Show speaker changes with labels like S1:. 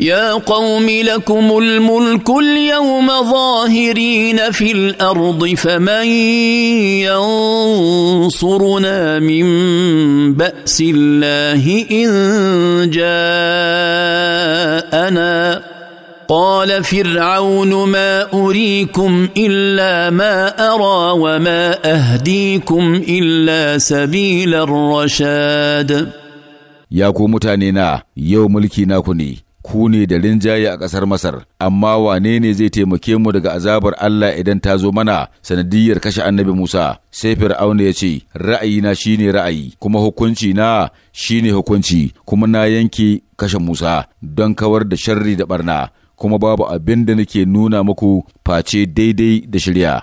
S1: يا قوم لكم الملك اليوم ظاهرين في الارض فمن ينصرنا من باس الله ان جاءنا قال فرعون ما اريكم الا ما ارى وما اهديكم الا سبيل الرشاد يا قوم تانينا
S2: يوم ملكي ناكني ku ne da rinjaye a ƙasar Masar, amma wane ne zai taimake mu daga azabar Allah idan ta zo mana sanadiyar kashe annabi Musa? Sai Fir'auna ya ce, Ra'ayina shi ne ra'ayi, kuma hukunci na shi ne hukunci, kuma na yanke kashe Musa don kawar da sharri da barna, kuma babu abin da nake nuna muku face daidai da
S3: shirya.